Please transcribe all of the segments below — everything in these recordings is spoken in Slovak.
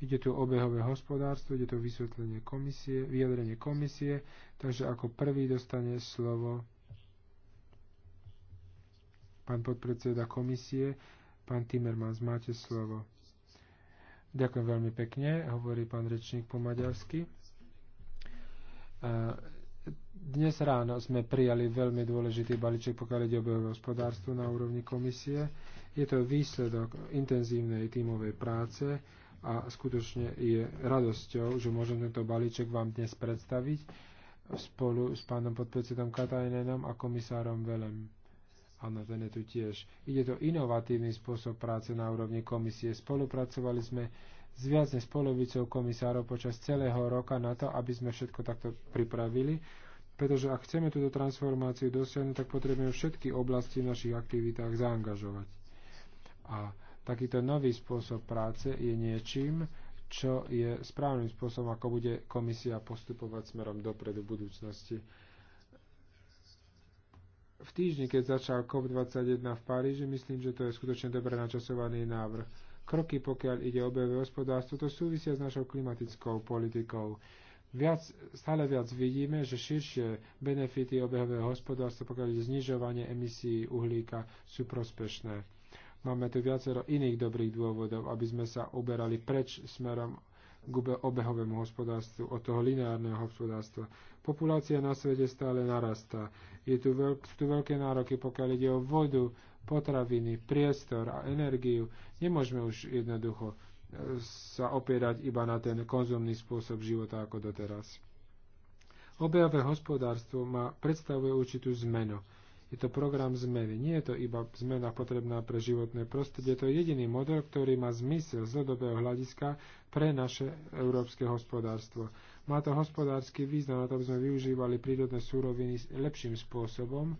Ide tu obehové hospodárstvo, ide tu vysvetlenie komisie, vyjadrenie komisie, takže ako prvý dostane slovo pán podpredseda komisie, pán Timmermans, máte slovo. Ďakujem veľmi pekne, hovorí pán rečník po maďarsky. Dnes ráno sme prijali veľmi dôležitý balíček, pokiaľ ide o hospodárstvo na úrovni komisie. Je to výsledok intenzívnej tímovej práce, a skutočne je radosťou, že môžem tento balíček vám dnes predstaviť spolu s pánom podpredsedom Katajnenom a komisárom Velem. Áno, ten je tu tiež. Ide to inovatívny spôsob práce na úrovni komisie. Spolupracovali sme s viac než polovicou komisárov počas celého roka na to, aby sme všetko takto pripravili pretože ak chceme túto transformáciu dosiahnuť, tak potrebujeme všetky oblasti v našich aktivitách zaangažovať. A Takýto nový spôsob práce je niečím, čo je správnym spôsobom, ako bude komisia postupovať smerom dopredu v budúcnosti. V týždni, keď začal COP21 v Paríži, myslím, že to je skutočne dobre načasovaný návrh. Kroky, pokiaľ ide o BV hospodárstvo, to súvisia s našou klimatickou politikou viac, stále viac vidíme, že širšie benefity obehového hospodárstva, pokiaľ je znižovanie emisí uhlíka, sú prospešné. Máme tu viacero iných dobrých dôvodov, aby sme sa uberali preč smerom k obehovému hospodárstvu, od toho lineárneho hospodárstva. Populácia na svete stále narastá. Je tu, veľk, tu veľké nároky, pokiaľ ide o vodu, potraviny, priestor a energiu. Nemôžeme už jednoducho e, sa opierať iba na ten konzumný spôsob života ako doteraz. Obehové hospodárstvo má, predstavuje určitú zmenu je to program zmeny. Nie je to iba zmena potrebná pre životné prostredie. Je to jediný model, ktorý má zmysel z dlhodobého hľadiska pre naše európske hospodárstvo. Má to hospodársky význam, na to by sme využívali prírodné súroviny lepším spôsobom.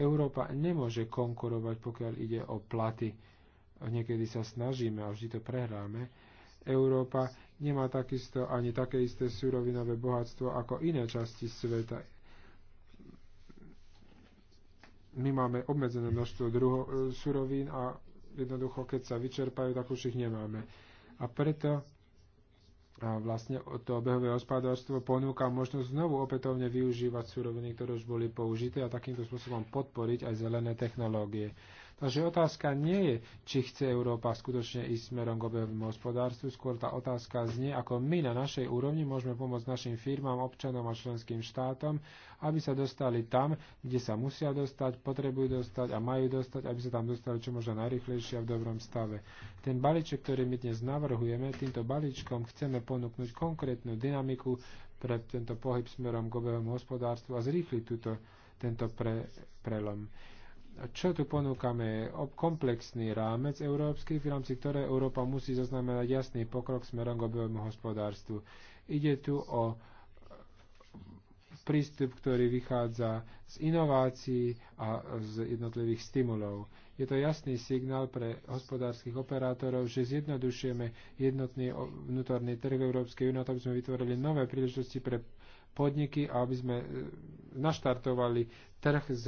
Európa nemôže konkurovať, pokiaľ ide o platy. Niekedy sa snažíme a vždy to prehráme. Európa nemá takisto ani také isté surovinové bohatstvo ako iné časti sveta my máme obmedzené množstvo druho, e, surovín a jednoducho, keď sa vyčerpajú, tak už ich nemáme. A preto a vlastne to obehové hospodárstvo ponúka možnosť znovu opätovne využívať suroviny, ktoré už boli použité a takýmto spôsobom podporiť aj zelené technológie. Takže otázka nie je, či chce Európa skutočne ísť smerom k obehovému hospodárstvu, skôr tá otázka znie, ako my na našej úrovni môžeme pomôcť našim firmám, občanom a členským štátom, aby sa dostali tam, kde sa musia dostať, potrebujú dostať a majú dostať, aby sa tam dostali čo možno najrychlejšie a v dobrom stave. Ten balíček, ktorý my dnes navrhujeme, týmto balíčkom chceme ponúknuť konkrétnu dynamiku pre tento pohyb smerom k obehovému hospodárstvu a zrýchliť túto, tento pre, prelom čo tu ponúkame? Komplexný rámec európsky, v rámci ktoré Európa musí zaznamenať jasný pokrok smerom k obehovému hospodárstvu. Ide tu o prístup, ktorý vychádza z inovácií a z jednotlivých stimulov. Je to jasný signál pre hospodárskych operátorov, že zjednodušujeme jednotný vnútorný trh v Európskej únie, aby sme vytvorili nové príležitosti pre podniky a aby sme e, naštartovali trh z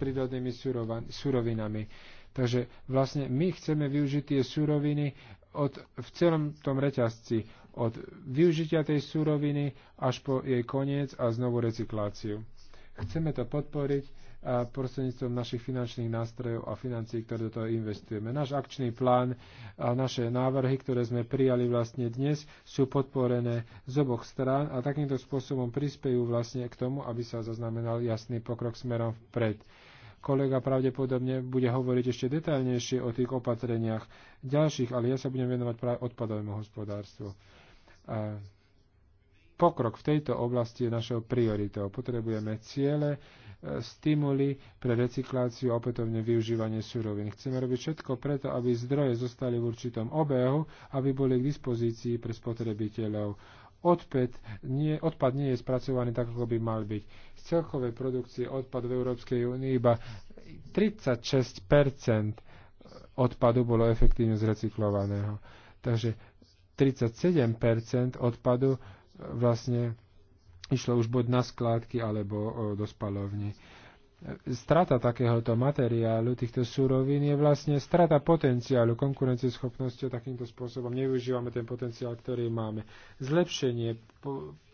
prírodnými surovinami. Takže vlastne my chceme využiť tie suroviny od, v celom tom reťazci, od využitia tej suroviny až po jej koniec a znovu recykláciu. Chceme to podporiť a prostredníctvom našich finančných nástrojov a financií, ktoré do toho investujeme. Náš akčný plán a naše návrhy, ktoré sme prijali vlastne dnes, sú podporené z oboch strán a takýmto spôsobom prispejú vlastne k tomu, aby sa zaznamenal jasný pokrok smerom vpred. Kolega pravdepodobne bude hovoriť ešte detaľnejšie o tých opatreniach ďalších, ale ja sa budem venovať práve odpadovému hospodárstvu. A pokrok v tejto oblasti je našou prioritou. Potrebujeme ciele, e, stimuly pre recikláciu a opätovne využívanie surovín. Chceme robiť všetko preto, aby zdroje zostali v určitom obehu, aby boli k dispozícii pre spotrebiteľov odpad nie, odpad nie je spracovaný tak, ako by mal byť. Z celkovej produkcie odpad v Európskej únii iba 36 odpadu bolo efektívne zrecyklovaného. Takže 37 odpadu e, vlastne išlo už buď na skládky alebo e, do spalovní strata takéhoto materiálu, týchto súrovín je vlastne strata potenciálu, konkurencieschopnosti takýmto spôsobom. Nevyužívame ten potenciál, ktorý máme. Zlepšenie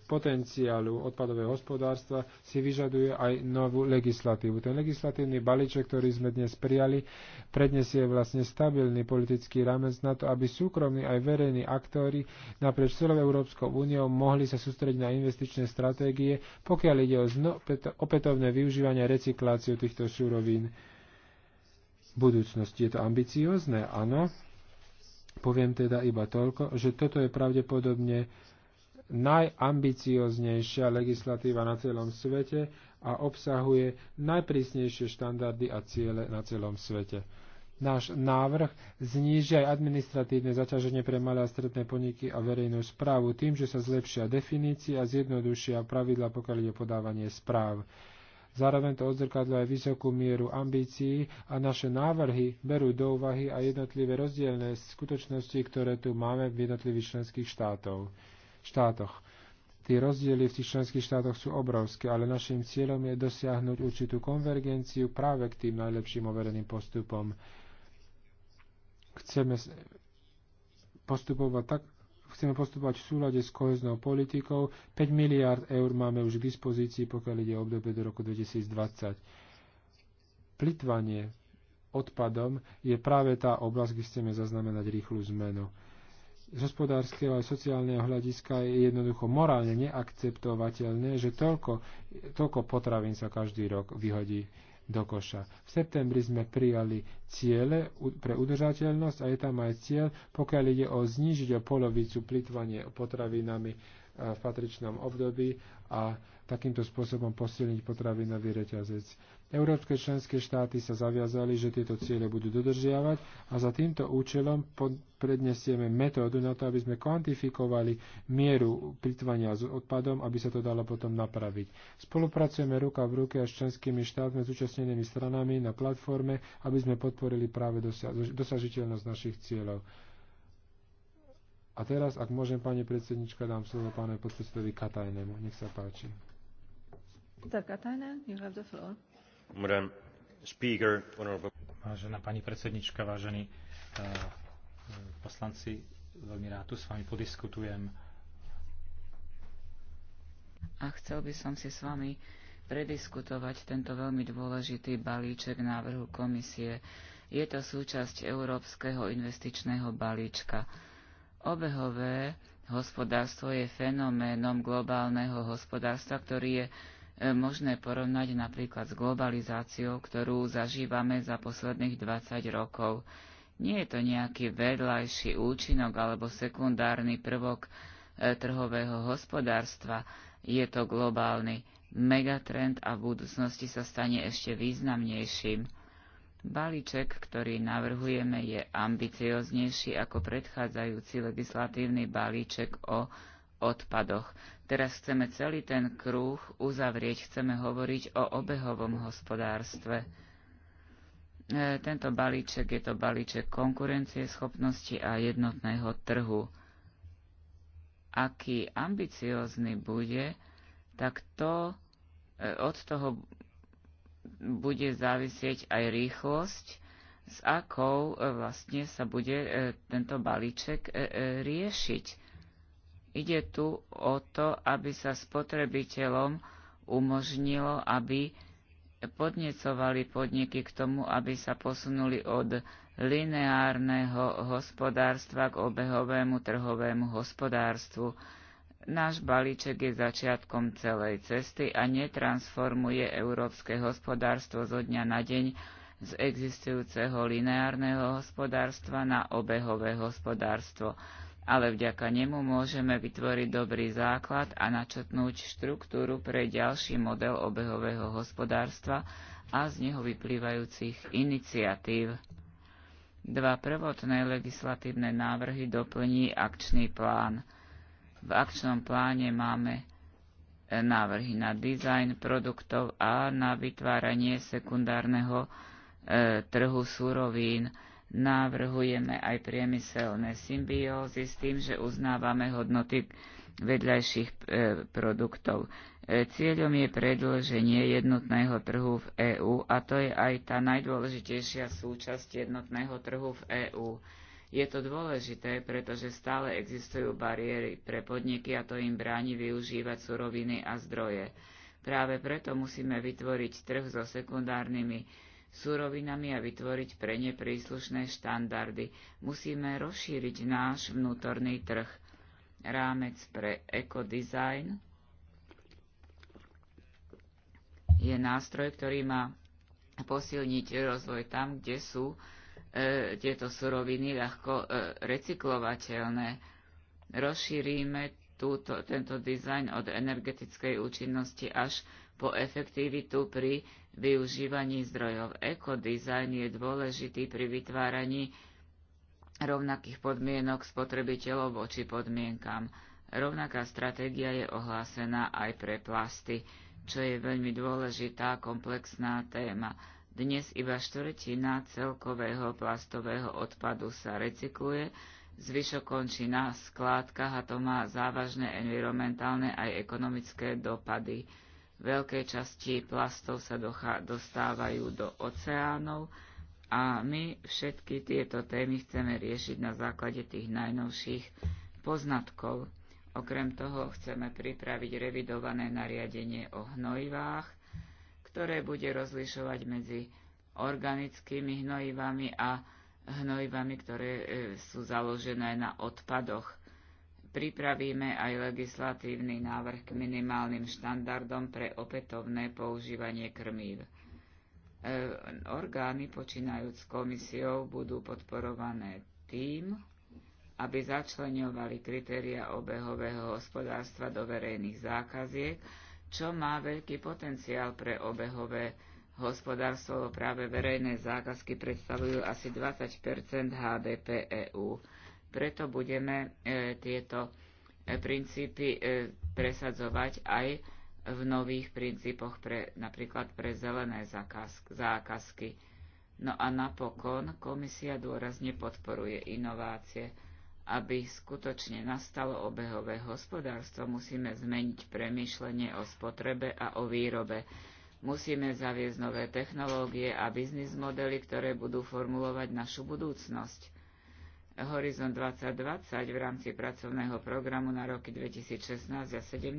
potenciálu odpadového hospodárstva si vyžaduje aj novú legislatívu. Ten legislatívny balíček, ktorý sme dnes prijali, prednesie vlastne stabilný politický rámec na to, aby súkromní aj verejní aktóri naprieč celou Európskou úniou mohli sa sústrediť na investičné stratégie, pokiaľ ide o opätovné využívanie a recikláciu týchto súrovín budúcnosti. Je to ambiciózne, áno. Poviem teda iba toľko, že toto je pravdepodobne najambicioznejšia legislatíva na celom svete a obsahuje najprísnejšie štandardy a ciele na celom svete. Náš návrh zníži aj administratívne zaťaženie pre malé a stredné podniky a verejnú správu tým, že sa zlepšia definície a zjednodušia pravidla, pokiaľ ide podávanie správ. Zároveň to odzrkadlo aj vysokú mieru ambícií a naše návrhy berú do úvahy aj jednotlivé rozdielne skutočnosti, ktoré tu máme v jednotlivých členských štátov štátoch. Tie rozdiely v tých členských štátoch sú obrovské, ale našim cieľom je dosiahnuť určitú konvergenciu práve k tým najlepším overeným postupom. Chceme postupovať tak, chceme postupovať v súlade s koheznou politikou. 5 miliard eur máme už k dispozícii, pokiaľ ide o obdobie do roku 2020. Plitvanie odpadom je práve tá oblasť, kde chceme zaznamenať rýchlu zmenu z hospodárskeho aj sociálneho hľadiska je jednoducho morálne neakceptovateľné, že toľko, toľko potravín sa každý rok vyhodí do koša. V septembri sme prijali ciele pre udržateľnosť a je tam aj cieľ, pokiaľ ide o znížiť o polovicu plitvanie potravinami e, v patričnom období a takýmto spôsobom posilniť potravinový reťazec. Európske členské štáty sa zaviazali, že tieto ciele budú dodržiavať a za týmto účelom prednesieme metódu na to, aby sme kvantifikovali mieru plitvania s odpadom, aby sa to dalo potom napraviť. Spolupracujeme ruka v ruke s členskými štátmi, s účastnenými stranami na platforme, aby sme podporili práve dosažiteľnosť našich cieľov. A teraz, ak môžem, pani predsednička, dám slovo pánovi podpredsedovi Katajnemu. Nech sa páči. Tak, Katajne, you have the floor. Vážená pani predsedníčka, vážení eh, poslanci, veľmi rád tu s vami podiskutujem. A chcel by som si s vami prediskutovať tento veľmi dôležitý balíček návrhu komisie. Je to súčasť Európskeho investičného balíčka. Obehové hospodárstvo je fenoménom globálneho hospodárstva, ktorý je E, možné porovnať napríklad s globalizáciou, ktorú zažívame za posledných 20 rokov. Nie je to nejaký vedľajší účinok alebo sekundárny prvok e, trhového hospodárstva, je to globálny megatrend a v budúcnosti sa stane ešte významnejším. Balíček, ktorý navrhujeme, je ambicioznejší ako predchádzajúci legislatívny balíček o odpadoch. Teraz chceme celý ten krúh uzavrieť, chceme hovoriť o obehovom hospodárstve. E, tento balíček je to balíček konkurencie, schopnosti a jednotného trhu. Aký ambiciózny bude, tak to e, od toho bude závisieť aj rýchlosť, s akou e, vlastne sa bude tento balíček riešiť Ide tu o to, aby sa spotrebiteľom umožnilo, aby podnecovali podniky k tomu, aby sa posunuli od lineárneho hospodárstva k obehovému trhovému hospodárstvu. Náš balíček je začiatkom celej cesty a netransformuje európske hospodárstvo zo dňa na deň z existujúceho lineárneho hospodárstva na obehové hospodárstvo ale vďaka nemu môžeme vytvoriť dobrý základ a načetnúť štruktúru pre ďalší model obehového hospodárstva a z neho vyplývajúcich iniciatív. Dva prvotné legislatívne návrhy doplní akčný plán. V akčnom pláne máme návrhy na dizajn produktov a na vytváranie sekundárneho e, trhu surovín. Návrhujeme aj priemyselné symbiózy s tým, že uznávame hodnoty vedľajších e, produktov. E, cieľom je predloženie jednotného trhu v EÚ a to je aj tá najdôležitejšia súčasť jednotného trhu v EÚ. Je to dôležité, pretože stále existujú bariéry pre podniky a to im bráni využívať suroviny a zdroje. Práve preto musíme vytvoriť trh so sekundárnymi súrovinami a vytvoriť pre ne príslušné štandardy. Musíme rozšíriť náš vnútorný trh. Rámec pre ekodizajn je nástroj, ktorý má posilniť rozvoj tam, kde sú e, tieto suroviny ľahko e, recyklovateľné. Rozšírime túto, tento dizajn od energetickej účinnosti až po efektivitu pri využívaní zdrojov. Ekodizajn je dôležitý pri vytváraní rovnakých podmienok spotrebiteľov voči podmienkam. Rovnaká stratégia je ohlásená aj pre plasty, čo je veľmi dôležitá komplexná téma. Dnes iba štvrtina celkového plastového odpadu sa recykluje, zvyšok končí na skládkach a to má závažné environmentálne aj ekonomické dopady. Veľkej časti plastov sa dostávajú do oceánov a my všetky tieto témy chceme riešiť na základe tých najnovších poznatkov. Okrem toho chceme pripraviť revidované nariadenie o hnojivách, ktoré bude rozlišovať medzi organickými hnojivami a hnojivami, ktoré e, sú založené na odpadoch pripravíme aj legislatívny návrh k minimálnym štandardom pre opätovné používanie krmív. E, orgány, počínajúc komisiou, budú podporované tým, aby začlenovali kritéria obehového hospodárstva do verejných zákaziek, čo má veľký potenciál pre obehové hospodárstvo, práve verejné zákazky predstavujú asi 20 HDP EÚ. Preto budeme e, tieto e, princípy e, presadzovať aj v nových princípoch pre, napríklad pre zelené zákazky. No a napokon komisia dôrazne podporuje inovácie. Aby skutočne nastalo obehové hospodárstvo, musíme zmeniť premýšľanie o spotrebe a o výrobe. Musíme zaviesť nové technológie a biznis modely, ktoré budú formulovať našu budúcnosť. Horizon 2020 v rámci pracovného programu na roky 2016 a 2017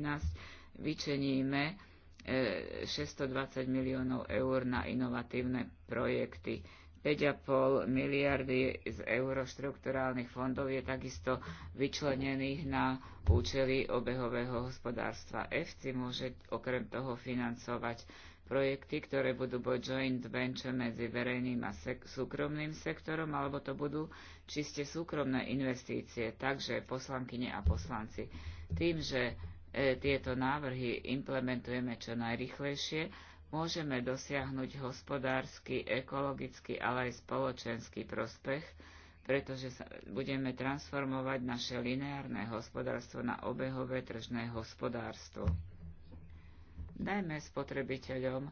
vyčeníme 620 e, miliónov eur na inovatívne projekty. 5,5 miliardy z euroštrukturálnych fondov je takisto vyčlenených na účely obehového hospodárstva. EFCI môže okrem toho financovať projekty, ktoré budú boť joint venture medzi verejným a sek- súkromným sektorom, alebo to budú čiste súkromné investície. Takže poslankyne a poslanci, tým, že e, tieto návrhy implementujeme čo najrychlejšie, môžeme dosiahnuť hospodársky, ekologický, ale aj spoločenský prospech, pretože sa, budeme transformovať naše lineárne hospodárstvo na obehové tržné hospodárstvo. Dajme spotrebiteľom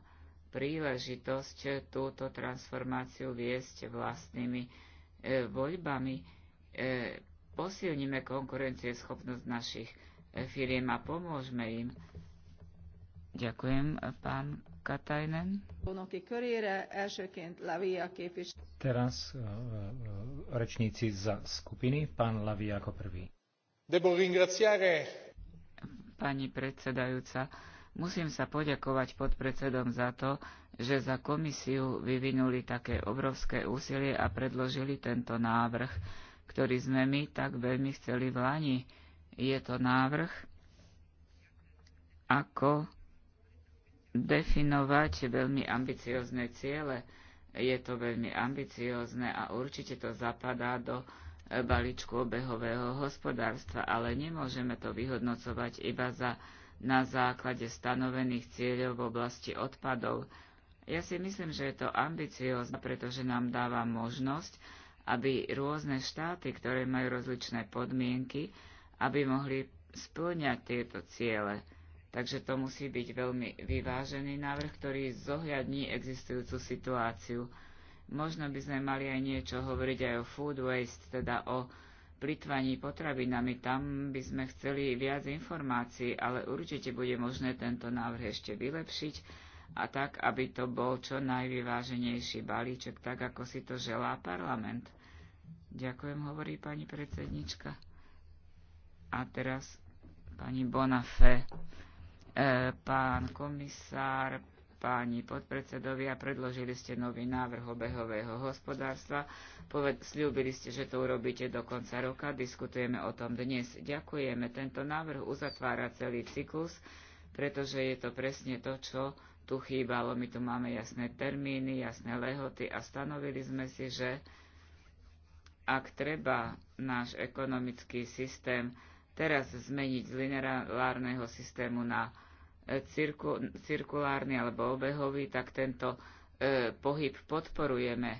príležitosť túto transformáciu viesť vlastnými e, voľbami. E, posilníme konkurencieschopnosť našich e, firiem a pomôžme im. Ďakujem, pán Katajnen. Teraz e, e, rečníci za skupiny, pán Lavia ako prvý. Pani predsedajúca, Musím sa poďakovať podpredsedom za to, že za komisiu vyvinuli také obrovské úsilie a predložili tento návrh, ktorý sme my tak veľmi chceli v Lani. Je to návrh, ako definovať veľmi ambiciozne ciele. Je to veľmi ambiciozne a určite to zapadá do e, balíčku obehového hospodárstva, ale nemôžeme to vyhodnocovať iba za na základe stanovených cieľov v oblasti odpadov. Ja si myslím, že je to ambiciozne, pretože nám dáva možnosť, aby rôzne štáty, ktoré majú rozličné podmienky, aby mohli splňať tieto ciele. Takže to musí byť veľmi vyvážený návrh, ktorý zohľadní existujúcu situáciu. Možno by sme mali aj niečo hovoriť aj o food waste, teda o plitvaní potravinami. Tam by sme chceli viac informácií, ale určite bude možné tento návrh ešte vylepšiť a tak, aby to bol čo najvyváženejší balíček, tak ako si to želá parlament. Ďakujem, hovorí pani predsednička. A teraz pani Bonafé. E, pán komisár, páni podpredsedovia, predložili ste nový návrh obehového hospodárstva. Poved, slúbili ste, že to urobíte do konca roka. Diskutujeme o tom dnes. Ďakujeme. Tento návrh uzatvára celý cyklus, pretože je to presne to, čo tu chýbalo. My tu máme jasné termíny, jasné lehoty a stanovili sme si, že ak treba náš ekonomický systém teraz zmeniť z lineárneho systému na cirku, cirkulárny alebo obehový, tak tento e, pohyb podporujeme,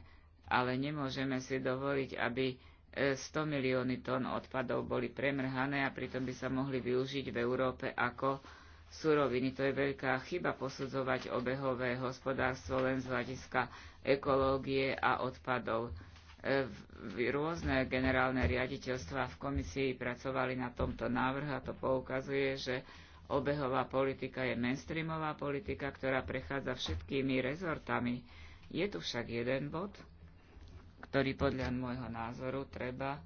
ale nemôžeme si dovoliť, aby 100 e, milióny tón odpadov boli premrhané a pritom by sa mohli využiť v Európe ako suroviny. To je veľká chyba posudzovať obehové hospodárstvo len z hľadiska ekológie a odpadov. E, v rôzne generálne riaditeľstva v komisii pracovali na tomto návrhu a to poukazuje, že Obehová politika je mainstreamová politika, ktorá prechádza všetkými rezortami. Je tu však jeden bod, ktorý podľa môjho názoru treba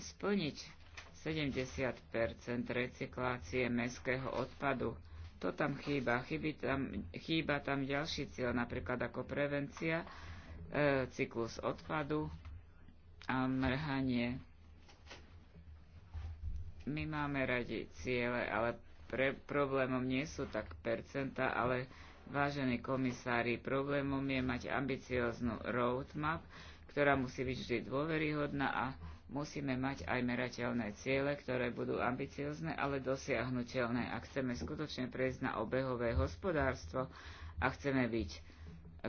splniť 70 recyklácie mestského odpadu. To tam chýba. Chýba tam, chýba tam ďalší cieľ, napríklad ako prevencia, e, cyklus odpadu a mrhanie. My máme radi ciele, ale pre, problémom nie sú tak percenta, ale vážení komisári, problémom je mať ambicióznu roadmap, ktorá musí byť vždy dôveryhodná a musíme mať aj merateľné ciele, ktoré budú ambiciozne, ale dosiahnutelné. Ak chceme skutočne prejsť na obehové hospodárstvo a chceme byť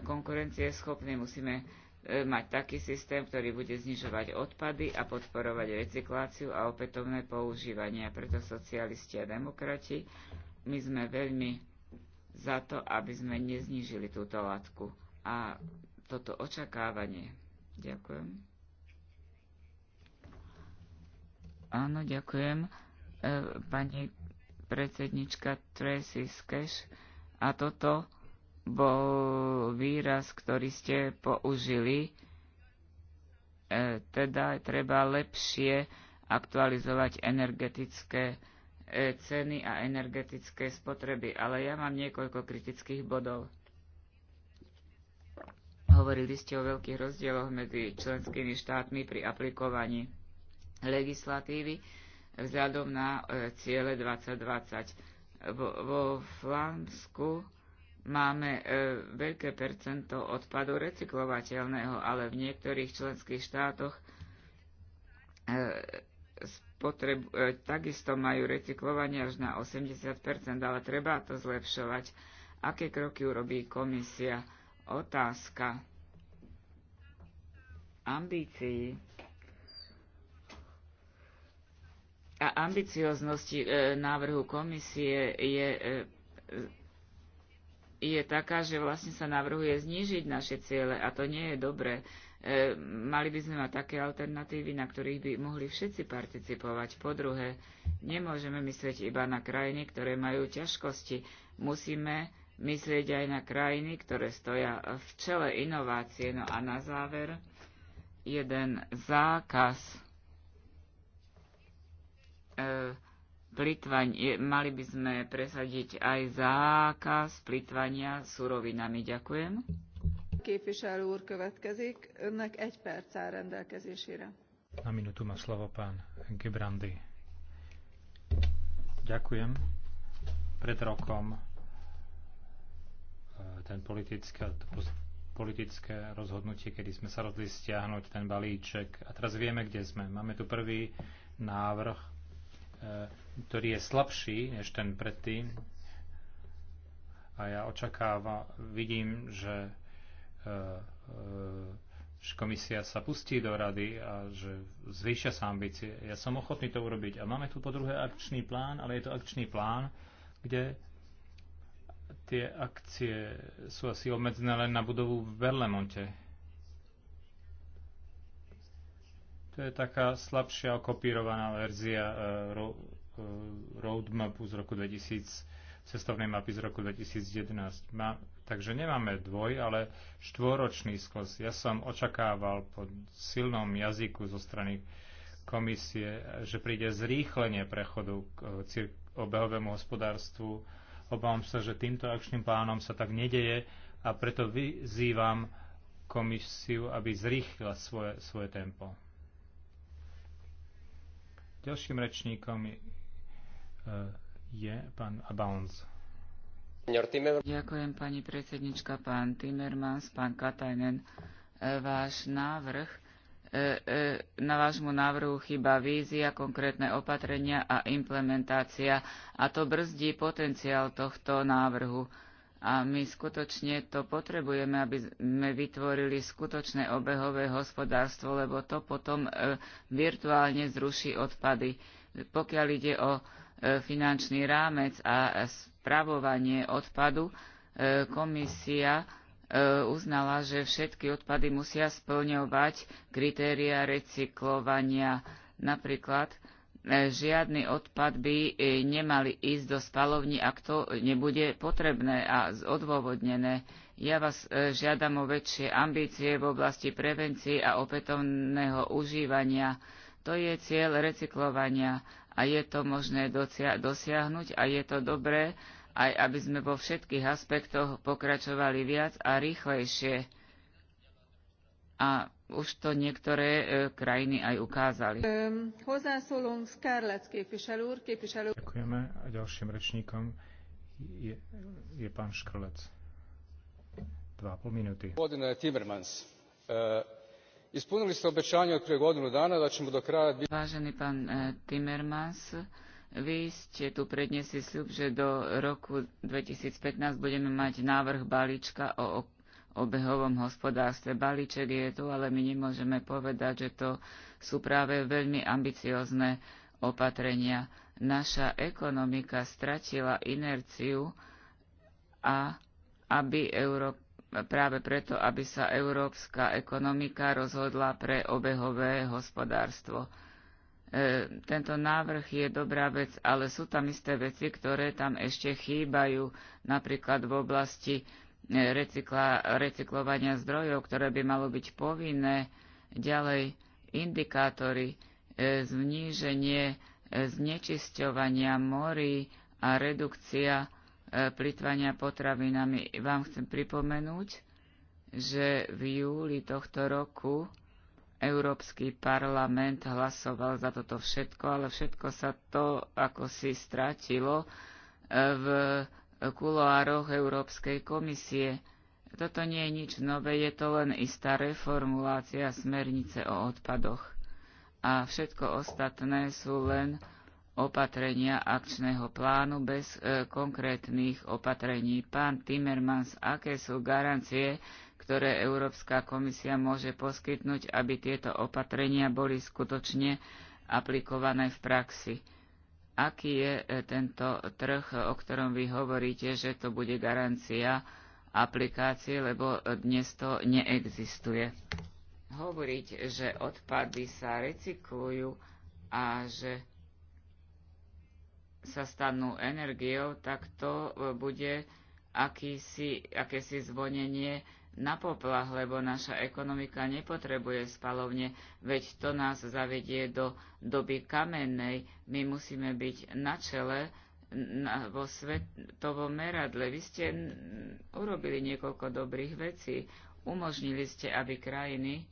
konkurencieschopní, musíme E, mať taký systém, ktorý bude znižovať odpady a podporovať recykláciu a opätovné používanie. Preto socialisti a demokrati, my sme veľmi za to, aby sme neznížili túto látku a toto očakávanie. Ďakujem. Áno, ďakujem. E, pani predsednička Tracy Skeš a toto bol výraz, ktorý ste použili. E, teda treba lepšie aktualizovať energetické e, ceny a energetické spotreby. Ale ja mám niekoľko kritických bodov. Hovorili ste o veľkých rozdieloch medzi členskými štátmi pri aplikovaní legislatívy vzhľadom na e, ciele 2020. Vo, vo Flámsku máme e, veľké percento odpadu recyklovateľného, ale v niektorých členských štátoch e, spotrebu, e, takisto majú recyklovanie až na 80%, ale treba to zlepšovať. Aké kroky urobí komisia? Otázka ambícií a ambicioznosti e, návrhu komisie je e, je taká, že vlastne sa navrhuje znížiť naše ciele a to nie je dobré. E, mali by sme mať také alternatívy, na ktorých by mohli všetci participovať. Po druhé, nemôžeme myslieť iba na krajiny, ktoré majú ťažkosti. Musíme myslieť aj na krajiny, ktoré stoja v čele inovácie. No a na záver, jeden zákaz. E, plitvaň, mali by sme presadiť aj zákaz plitvania surovinami. Ďakujem. Képviselő úr következik. Önnek egy perc áll rendelkezésére. Na minútu má slovo pán Gebrandy. Ďakujem. Pred rokom e, ten politické, politické rozhodnutie, kedy sme sa rozli stiahnuť ten balíček. A teraz vieme, kde sme. Máme tu prvý návrh E, ktorý je slabší než ten predtým. A ja očakávam, vidím, že, e, e, že komisia sa pustí do rady a že zvýšia sa ambície. Ja som ochotný to urobiť. A máme tu po druhé akčný plán, ale je to akčný plán, kde tie akcie sú asi obmedzené len na budovu v Berlemonte To je taká slabšia okopírovaná verzia eh, ro- eh, roadmapu z roku 2000, cestovnej mapy z roku 2011. Ma- takže nemáme dvoj, ale štvoročný skos. Ja som očakával po silnom jazyku zo strany komisie, že príde zrýchlenie prechodu k eh, obehovému hospodárstvu. Obávam sa, že týmto akčným plánom sa tak nedeje a preto vyzývam komisiu, aby zrýchlila svoje, svoje tempo. Ďalším rečníkom je eh, pán Abounds. Ďakujem pani predsednička, pán Timmermans, pán Katajnen. Eh, váš návrh, eh, na vášmu návrhu chyba vízia, konkrétne opatrenia a implementácia a to brzdí potenciál tohto návrhu. A my skutočne to potrebujeme, aby sme vytvorili skutočné obehové hospodárstvo, lebo to potom e, virtuálne zruší odpady. Pokiaľ ide o e, finančný rámec a spravovanie odpadu, e, komisia uznala, že všetky odpady musia splňovať kritéria recyklovania. Napríklad žiadny odpad by e, nemali ísť do spalovní, ak to nebude potrebné a odôvodnené. Ja vás e, žiadam o väčšie ambície v oblasti prevencie a opätovného užívania. To je cieľ recyklovania a je to možné dosiahnuť a je to dobré, aj aby sme vo všetkých aspektoch pokračovali viac a rýchlejšie a už to niektoré e, krajiny aj ukázali. Ďakujeme a ďalším rečníkom je, je pán Škrlec. Dva a pol minúty. Timmermans, e, ispunili ste obećanje od prije godinu dana da ćemo do kraja... Vážený pán e, Timmermans, vy ste tu predniesli sľub, že do roku 2015 budeme mať návrh balíčka o obehovom hospodárstve. Balíček je tu, ale my nemôžeme povedať, že to sú práve veľmi ambiciozne opatrenia. Naša ekonomika stratila inerciu a aby Euró- práve preto, aby sa európska ekonomika rozhodla pre obehové hospodárstvo. E, tento návrh je dobrá vec, ale sú tam isté veci, ktoré tam ešte chýbajú, napríklad v oblasti recykla, recyklovania zdrojov, ktoré by malo byť povinné, ďalej indikátory, e, zníženie e, znečisťovania morí a redukcia e, plitvania potravinami. Vám chcem pripomenúť, že v júli tohto roku Európsky parlament hlasoval za toto všetko, ale všetko sa to ako si stratilo v kuloároch Európskej komisie. Toto nie je nič nové, je to len istá reformulácia smernice o odpadoch. A všetko ostatné sú len opatrenia akčného plánu bez e, konkrétnych opatrení. Pán Timmermans, aké sú garancie, ktoré Európska komisia môže poskytnúť, aby tieto opatrenia boli skutočne aplikované v praxi? aký je e, tento trh, o ktorom vy hovoríte, že to bude garancia aplikácie, lebo dnes to neexistuje. Hovoriť, že odpady sa recyklujú a že sa stanú energiou, tak to e, bude akýsi, akési zvonenie na poplach, lebo naša ekonomika nepotrebuje spalovne, veď to nás zavedie do doby kamennej. My musíme byť na čele na, vo svetovom meradle. Vy ste urobili niekoľko dobrých vecí. Umožnili ste, aby krajiny,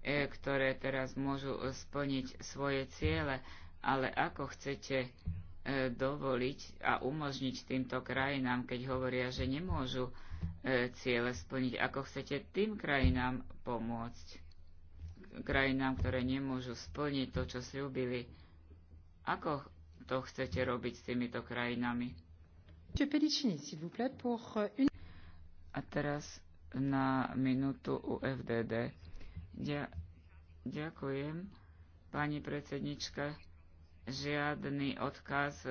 e, ktoré teraz môžu e, splniť svoje ciele, ale ako chcete e, dovoliť a umožniť týmto krajinám, keď hovoria, že nemôžu E, cieľe splniť, ako chcete tým krajinám pomôcť. Krajinám, ktoré nemôžu splniť to, čo slúbili. Ako to chcete robiť s týmito krajinami? Euh, A teraz na minútu UFDD. FDD. ďakujem, pani predsednička. Žiadny odkaz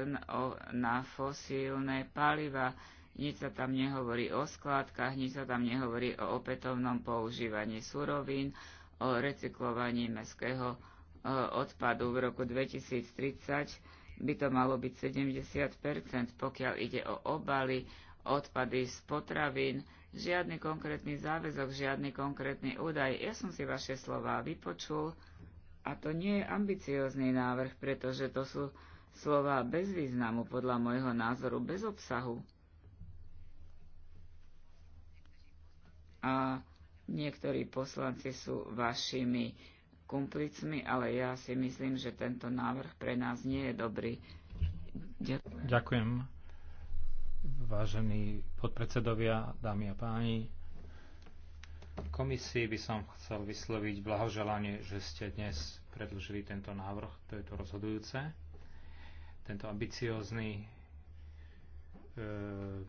na fosílne paliva nič sa tam nehovorí o skládkach, nič sa tam nehovorí o opätovnom používaní surovín, o recyklovaní mestského e, odpadu. V roku 2030 by to malo byť 70 pokiaľ ide o obaly, odpady z potravín, žiadny konkrétny záväzok, žiadny konkrétny údaj. Ja som si vaše slova vypočul a to nie je ambiciózny návrh, pretože to sú slova bez významu, podľa môjho názoru, bez obsahu. a niektorí poslanci sú vašimi kumplicmi, ale ja si myslím, že tento návrh pre nás nie je dobrý. Ďakujem. Ďakujem. Vážení podpredsedovia, dámy a páni, komisii by som chcel vysloviť blahoželanie, že ste dnes predlžili tento návrh, to je to rozhodujúce. Tento ambiciózny, e,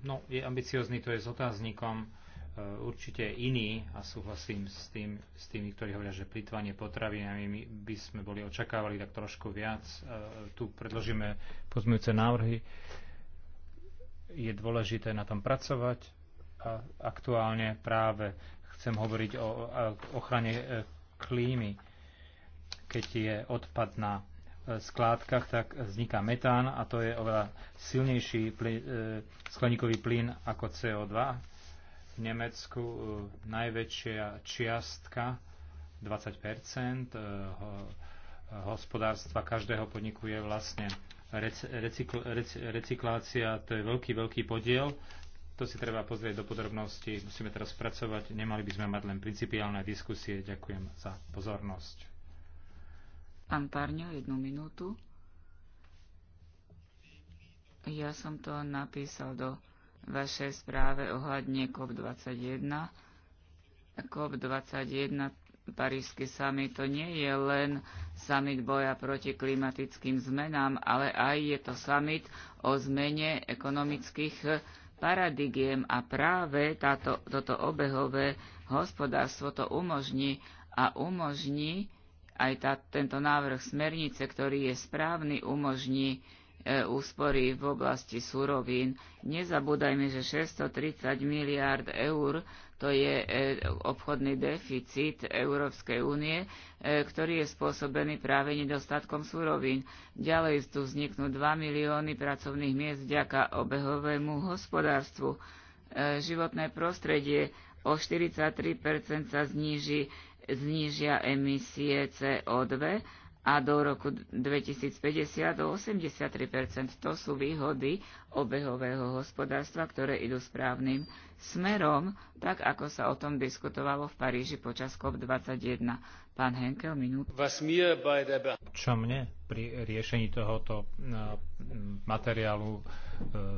no je ambiciózny, to je s otáznikom, E, určite iný a súhlasím s, tým, s tými, ktorí hovoria, že plýtvanie potravinami my by sme boli očakávali tak trošku viac. E, tu predložíme pozmujúce návrhy. Je dôležité na tom pracovať a aktuálne práve chcem hovoriť o ochrane e, klímy. Keď je odpad na skládkach, tak vzniká metán a to je oveľa silnejší skleníkový plyn ako CO2 v Nemecku e, najväčšia čiastka, 20 e, e, hospodárstva každého podniku je vlastne recykl, recyklácia, to je veľký, veľký podiel. To si treba pozrieť do podrobností, musíme teraz pracovať, nemali by sme mať len principiálne diskusie. Ďakujem za pozornosť. Pán Parňo, jednu minútu. Ja som to napísal do vašej správe ohľadne COP21. COP21, Parížsky summit, to nie je len summit boja proti klimatickým zmenám, ale aj je to summit o zmene ekonomických paradigiem a práve táto, toto obehové hospodárstvo to umožní a umožní aj tá, tento návrh smernice, ktorý je správny, umožní úspory v oblasti surovín. Nezabúdajme, že 630 miliárd eur to je e, obchodný deficit Európskej únie, e, ktorý je spôsobený práve nedostatkom surovín. Ďalej tu vzniknú 2 milióny pracovných miest vďaka obehovému hospodárstvu. E, životné prostredie o 43 sa zníži, znížia emisie CO2 a do roku 2050 o 83 To sú výhody obehového hospodárstva, ktoré idú správnym smerom, tak ako sa o tom diskutovalo v Paríži počas COP21. Pán Henkel, minút. Čo mne pri riešení tohoto e, materiálu e,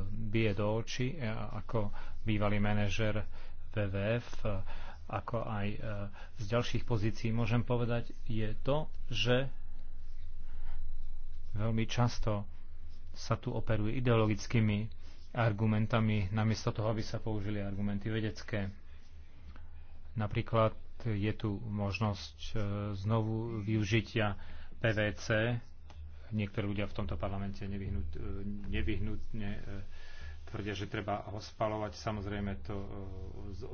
bije do očí, e, ako bývalý manažer WWF, ako aj z ďalších pozícií môžem povedať, je to, že Veľmi často sa tu operuje ideologickými argumentami, namiesto toho, aby sa použili argumenty vedecké. Napríklad je tu možnosť e, znovu využitia PVC. Niektorí ľudia v tomto parlamente e, nevyhnutne e, tvrdia, že treba ho spalovať. Samozrejme, to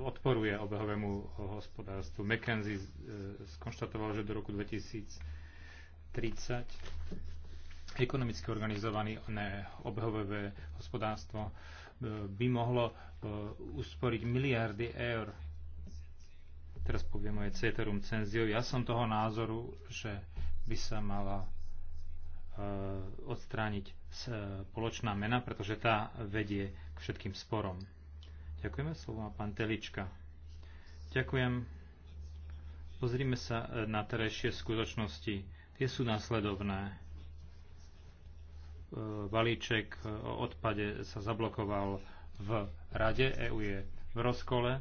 odporuje obehovému hospodárstvu. McKenzie skonštatoval, že do roku 2030 ekonomicky organizované obehové hospodárstvo e, by mohlo e, usporiť miliardy eur. Teraz poviem moje ceterum cenzio. Ja som toho názoru, že by sa mala e, odstrániť spoločná mena, pretože tá vedie k všetkým sporom. Ďakujeme, slovo má pán Telička. Ďakujem. Pozrime sa na terajšie skutočnosti. Tie sú následovné E, balíček e, o odpade sa zablokoval v Rade. EU je v rozkole.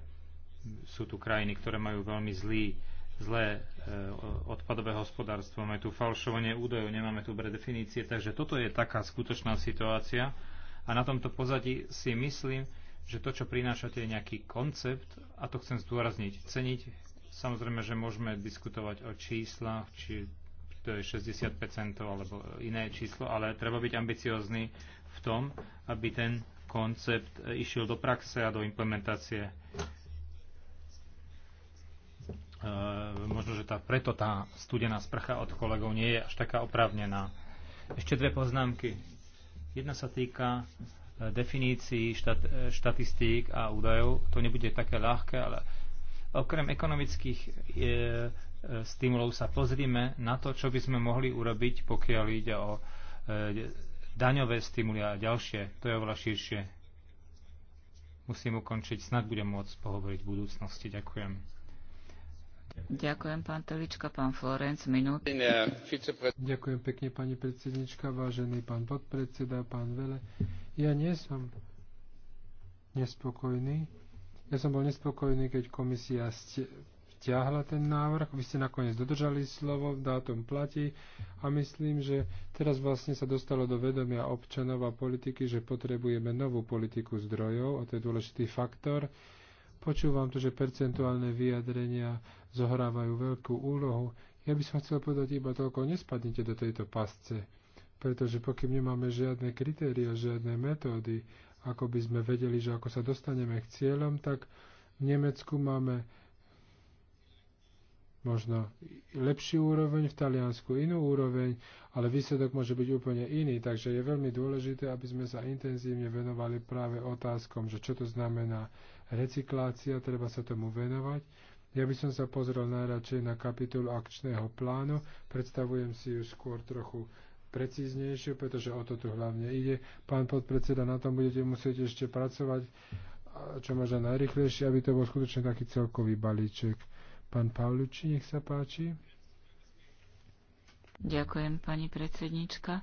Sú tu krajiny, ktoré majú veľmi zlý, zlé e, odpadové hospodárstvo. Máme tu falšovanie údajov, nemáme tu pre definície. Takže toto je taká skutočná situácia. A na tomto pozadí si myslím, že to, čo prinášate, je nejaký koncept a to chcem zdôrazniť, ceniť. Samozrejme, že môžeme diskutovať o číslach, či to je 60% alebo iné číslo, ale treba byť ambiciózny v tom, aby ten koncept išiel do praxe a do implementácie. E, možno, že tá, preto tá studená sprcha od kolegov nie je až taká oprávnená. Ešte dve poznámky. Jedna sa týka e, definícií štat, e, štatistík a údajov. To nebude také ľahké, ale okrem ekonomických e, E, stimulov sa pozrime na to, čo by sme mohli urobiť, pokiaľ ide o e, daňové stimuly a ďalšie. To je oveľa širšie. Musím ukončiť, snad budem môcť pohovoriť v budúcnosti. Ďakujem. Ďakujem, pán Telička, pán Florenc, minút. Ďakujem pekne, pani predsednička, vážený pán podpredseda, pán Vele. Ja nie som nespokojný. Ja som bol nespokojný, keď komisia stiahla ten návrh. Vy ste nakoniec dodržali slovo, dátum platí a myslím, že teraz vlastne sa dostalo do vedomia občanov a politiky, že potrebujeme novú politiku zdrojov a to je dôležitý faktor. Počúvam to, že percentuálne vyjadrenia zohrávajú veľkú úlohu. Ja by som chcel povedať iba toľko, nespadnite do tejto pasce, pretože pokým nemáme žiadne kritéria, žiadne metódy, ako by sme vedeli, že ako sa dostaneme k cieľom, tak v Nemecku máme možno lepší úroveň, v Taliansku inú úroveň, ale výsledok môže byť úplne iný. Takže je veľmi dôležité, aby sme sa intenzívne venovali práve otázkom, že čo to znamená recyklácia, treba sa tomu venovať. Ja by som sa pozrel najradšej na kapitolu akčného plánu, predstavujem si ju skôr trochu precíznejšie, pretože o to tu hlavne ide. Pán podpredseda, na tom budete musieť ešte pracovať, čo možno najrychlejšie, aby to bol skutočne taký celkový balíček Pán Pavľuči, nech sa páči. Ďakujem, pani predsednička.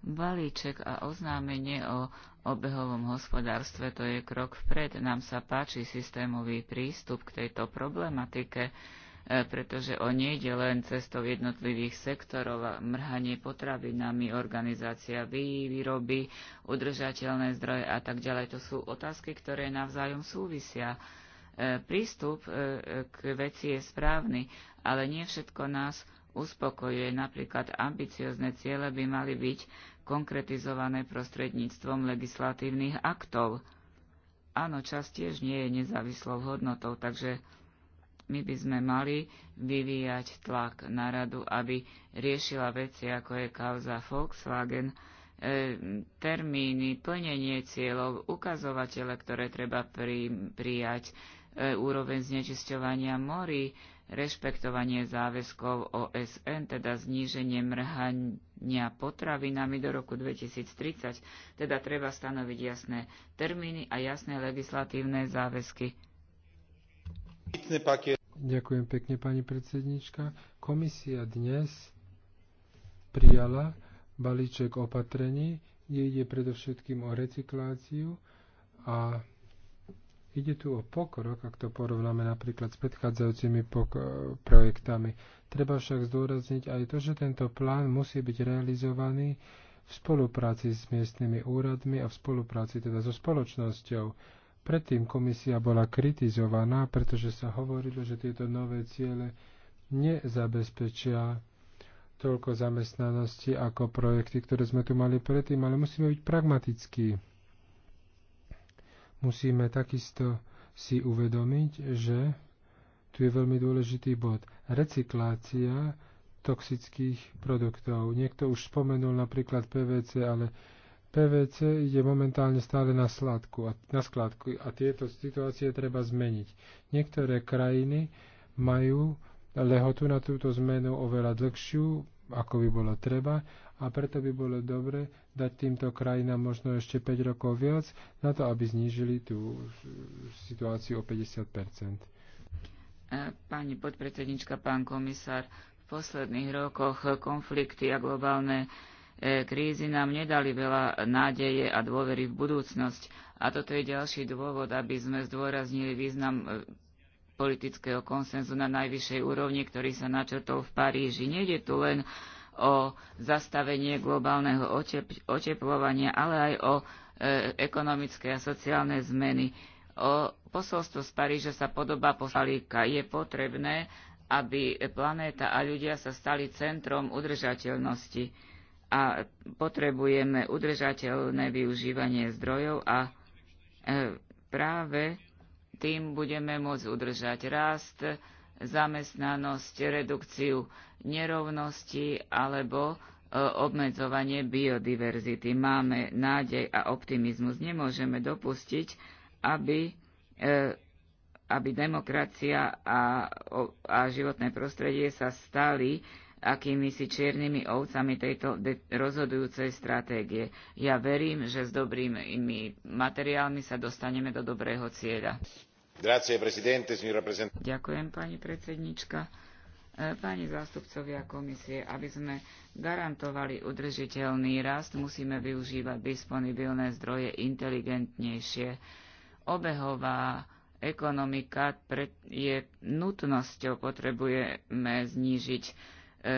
Balíček a oznámenie o obehovom hospodárstve to je krok vpred. Nám sa páči systémový prístup k tejto problematike, e, pretože o ide len cestou jednotlivých sektorov a mrhanie potravinami, organizácia výroby, udržateľné zdroje a tak ďalej. To sú otázky, ktoré navzájom súvisia. E, prístup e, k veci je správny, ale nie všetko nás uspokojuje. Napríklad ambiciozne ciele by mali byť konkretizované prostredníctvom legislatívnych aktov. Áno, čas tiež nie je nezávislou hodnotou, takže my by sme mali vyvíjať tlak na radu, aby riešila veci, ako je kauza Volkswagen, e, termíny, plnenie cieľov, ukazovatele, ktoré treba pri, prijať, úroveň znečisťovania morí, rešpektovanie záväzkov OSN, teda zníženie mrhania potravinami do roku 2030, teda treba stanoviť jasné termíny a jasné legislatívne záväzky. Ďakujem pekne, pani predsednička. Komisia dnes prijala balíček opatrení, kde ide predovšetkým o recykláciu a Ide tu o pokrok, ak to porovnáme napríklad s predchádzajúcimi projektami. Treba však zdôrazniť aj to, že tento plán musí byť realizovaný v spolupráci s miestnymi úradmi a v spolupráci teda so spoločnosťou. Predtým komisia bola kritizovaná, pretože sa hovorilo, že tieto nové ciele nezabezpečia toľko zamestnanosti ako projekty, ktoré sme tu mali predtým, ale musíme byť pragmatickí musíme takisto si uvedomiť, že tu je veľmi dôležitý bod. Recyklácia toxických produktov. Niekto už spomenul napríklad PVC, ale PVC ide momentálne stále na, sladku, na skladku a tieto situácie treba zmeniť. Niektoré krajiny majú lehotu na túto zmenu oveľa dlhšiu, ako by bolo treba, a preto by bolo dobre dať týmto krajinám možno ešte 5 rokov viac na to, aby znížili tú situáciu o 50 e, Pani podpredsednička, pán komisár, v posledných rokoch konflikty a globálne e, krízy nám nedali veľa nádeje a dôvery v budúcnosť. A toto je ďalší dôvod, aby sme zdôraznili význam e, politického konsenzu na najvyššej úrovni, ktorý sa načrtol v Paríži. Nede tu len o zastavenie globálneho otep- oteplovania, ale aj o e, ekonomické a sociálne zmeny. O posolstvo z Paríža sa podobá posalíka. Je potrebné, aby planéta a ľudia sa stali centrom udržateľnosti a potrebujeme udržateľné využívanie zdrojov a e, práve tým budeme môcť udržať rast, zamestnanosť, redukciu nerovnosti alebo e, obmedzovanie biodiverzity. Máme nádej a optimizmus. Nemôžeme dopustiť, aby, e, aby demokracia a, a životné prostredie sa stali akými si čiernymi ovcami tejto rozhodujúcej stratégie. Ja verím, že s dobrými materiálmi sa dostaneme do dobrého cieľa. Grazie, Ďakujem, pani predsednička. Pani zástupcovia komisie, aby sme garantovali udržiteľný rast, musíme využívať disponibilné zdroje inteligentnejšie. Obehová ekonomika je nutnosťou, potrebujeme znížiť, e,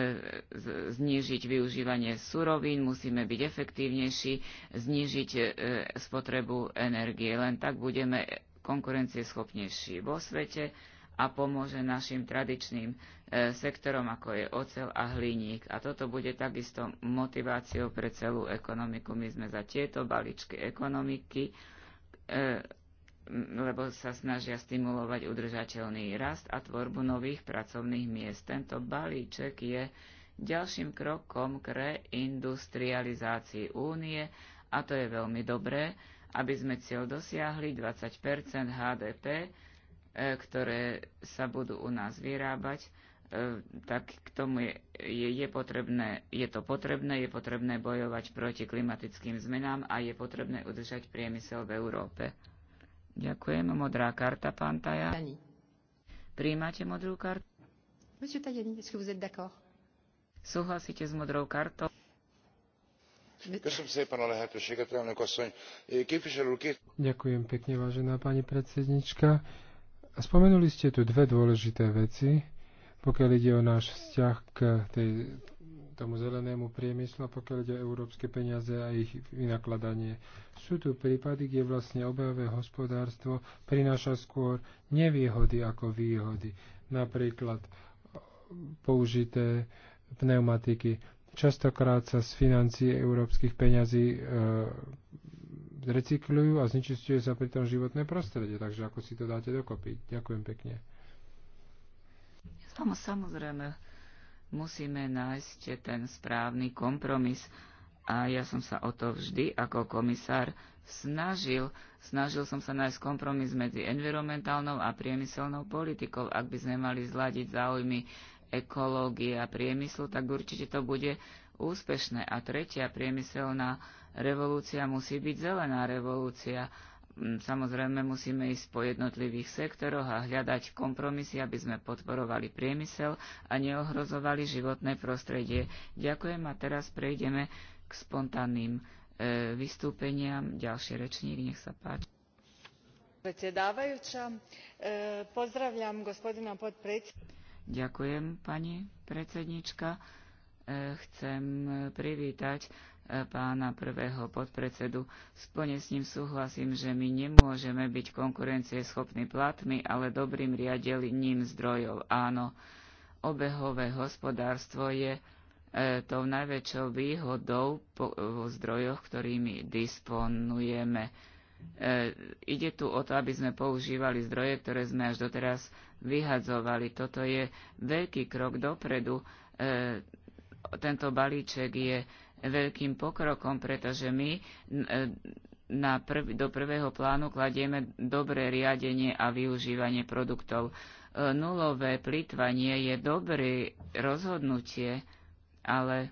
znižiť využívanie surovín, musíme byť efektívnejší, znížiť e, spotrebu energie. Len tak budeme konkurencieschopnejší vo svete a pomôže našim tradičným e, sektorom, ako je ocel a hliník. A toto bude takisto motiváciou pre celú ekonomiku. My sme za tieto balíčky ekonomiky, e, lebo sa snažia stimulovať udržateľný rast a tvorbu nových pracovných miest. Tento balíček je ďalším krokom k reindustrializácii únie a to je veľmi dobré, aby sme cieľ dosiahli 20 HDP E, ktoré sa budú u nás vyrábať, e, tak k tomu je, je, je, potrebné, je to potrebné, je potrebné bojovať proti klimatickým zmenám a je potrebné udržať priemysel v Európe. Ďakujem. Modrá karta, pán Taja. Príjmate modrú kartu? Monsieur Tajani, est-ce que vous êtes d'accord? Súhlasíte s modrou kartou? Ďakujem pekne, vážená pani predsednička. Spomenuli ste tu dve dôležité veci, pokiaľ ide o náš vzťah k tej, tomu zelenému priemyslu a pokiaľ ide o európske peniaze a ich vynakladanie. Sú tu prípady, kde vlastne obehové hospodárstvo prináša skôr nevýhody ako výhody. Napríklad použité pneumatiky. Častokrát sa z financií európskych peňazí e, recyklujú a znečistuje sa pri tom životné prostredie. Takže ako si to dáte dokopy? Ďakujem pekne. Samozrejme, musíme nájsť ten správny kompromis. A ja som sa o to vždy ako komisár snažil. Snažil som sa nájsť kompromis medzi environmentálnou a priemyselnou politikou. Ak by sme mali zladiť záujmy ekológie a priemyslu, tak určite to bude úspešné. A tretia priemyselná Revolúcia musí byť zelená revolúcia. Mm, samozrejme musíme ísť po jednotlivých sektoroch a hľadať kompromisy, aby sme podporovali priemysel a neohrozovali životné prostredie. Ďakujem a teraz prejdeme k spontánnym e, vystúpeniam. Ďalší rečník, nech sa páči e, pozdravljam gospodina podpredsedníka. ďakujem pani E, chcem privítať pána prvého podpredsedu. Splne s ním súhlasím, že my nemôžeme byť konkurencieschopní platmi, ale dobrým riadením zdrojov. Áno, obehové hospodárstvo je e, tou najväčšou výhodou po, vo zdrojoch, ktorými disponujeme. E, ide tu o to, aby sme používali zdroje, ktoré sme až doteraz vyhadzovali. Toto je veľký krok dopredu. E, tento balíček je veľkým pokrokom, pretože my e, na prv, do prvého plánu kladieme dobré riadenie a využívanie produktov. E, nulové plýtvanie je dobré rozhodnutie, ale e,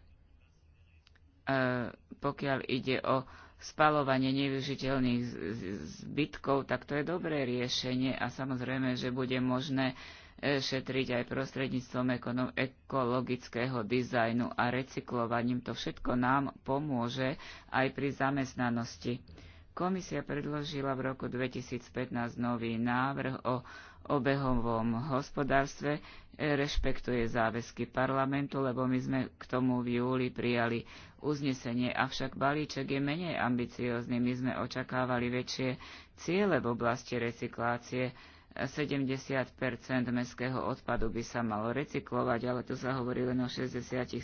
pokiaľ ide o spalovanie nevyužiteľných zbytkov, tak to je dobré riešenie a samozrejme, že bude možné E, šetriť aj prostredníctvom ekologického dizajnu a recyklovaním. To všetko nám pomôže aj pri zamestnanosti. Komisia predložila v roku 2015 nový návrh o obehovom hospodárstve, e, rešpektuje záväzky parlamentu, lebo my sme k tomu v júli prijali uznesenie, avšak balíček je menej ambiciózny. My sme očakávali väčšie ciele v oblasti recyklácie 70 mestského odpadu by sa malo recyklovať, ale tu sa hovorí len o 67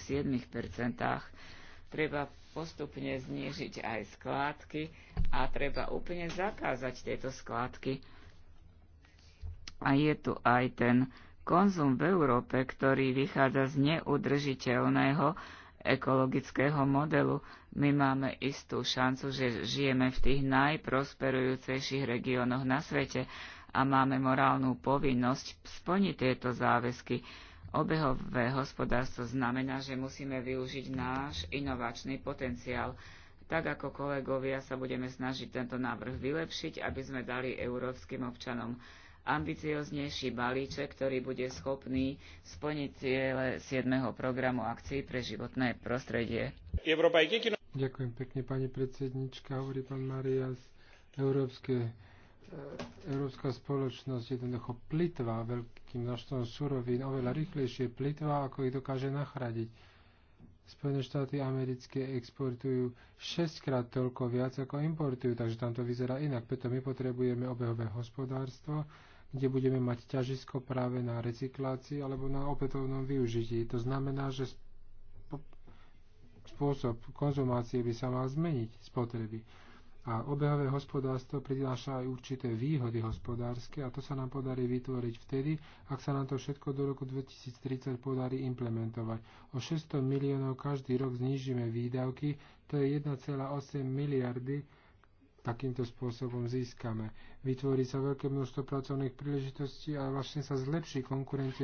Treba postupne znížiť aj skládky a treba úplne zakázať tieto skládky. A je tu aj ten konzum v Európe, ktorý vychádza z neudržiteľného ekologického modelu. My máme istú šancu, že žijeme v tých najprosperujúcejších regiónoch na svete a máme morálnu povinnosť splniť tieto záväzky. Obehové hospodárstvo znamená, že musíme využiť náš inovačný potenciál. Tak ako kolegovia sa budeme snažiť tento návrh vylepšiť, aby sme dali európskym občanom ambicioznejší balíček, ktorý bude schopný splniť ciele 7. programu akcií pre životné prostredie. Ďakujem pekne, pani predsednička, hovorí pán Marias. Európske európska spoločnosť jednoducho plitva veľkým množstvom surovín, oveľa rýchlejšie plitvá, ako ich dokáže nachradiť. Spojené štáty americké exportujú 6 krát toľko viac, ako importujú, takže tam to vyzerá inak. Preto my potrebujeme obehové hospodárstvo, kde budeme mať ťažisko práve na recyklácii alebo na opätovnom využití. To znamená, že spôsob konzumácie by sa mal zmeniť spotreby. A obehové hospodárstvo prináša aj určité výhody hospodárske a to sa nám podarí vytvoriť vtedy, ak sa nám to všetko do roku 2030 podarí implementovať. O 600 miliónov každý rok znižíme výdavky, to je 1,8 miliardy takýmto spôsobom získame. Vytvorí sa veľké množstvo pracovných príležitostí a vlastne sa zlepší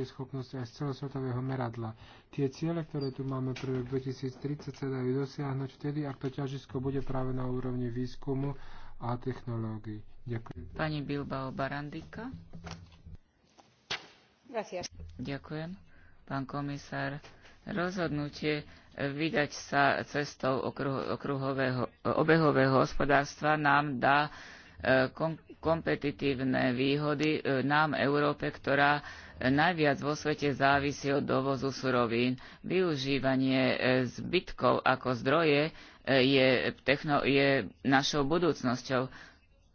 schopnosti aj z celosvetového meradla. Tie ciele, ktoré tu máme pre rok 2030, sa dajú dosiahnuť vtedy, ak to ťažisko bude práve na úrovni výskumu a technológií. Ďakujem. Pani Bilbao Barandika. Gracias. Ďakujem. Pán komisár, Rozhodnutie vydať sa cestou okruhového, obehového hospodárstva nám dá e, kompetitívne výhody e, nám, Európe, ktorá e, najviac vo svete závisí od dovozu surovín. Využívanie zbytkov ako zdroje je, techno, je našou budúcnosťou.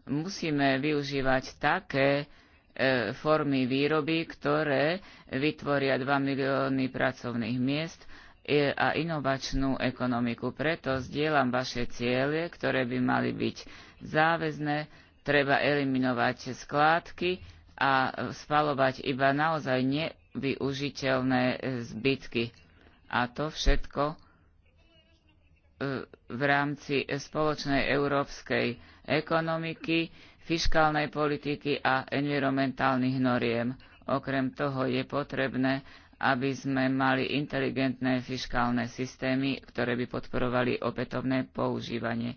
Musíme využívať také E, formy výroby, ktoré vytvoria 2 milióny pracovných miest a inovačnú ekonomiku. Preto zdieľam vaše ciele, ktoré by mali byť záväzné, treba eliminovať skládky a spalovať iba naozaj nevyužiteľné zbytky. A to všetko e, v rámci spoločnej európskej ekonomiky, fiskálnej politiky a environmentálnych noriem. Okrem toho je potrebné, aby sme mali inteligentné fiskálne systémy, ktoré by podporovali opätovné používanie.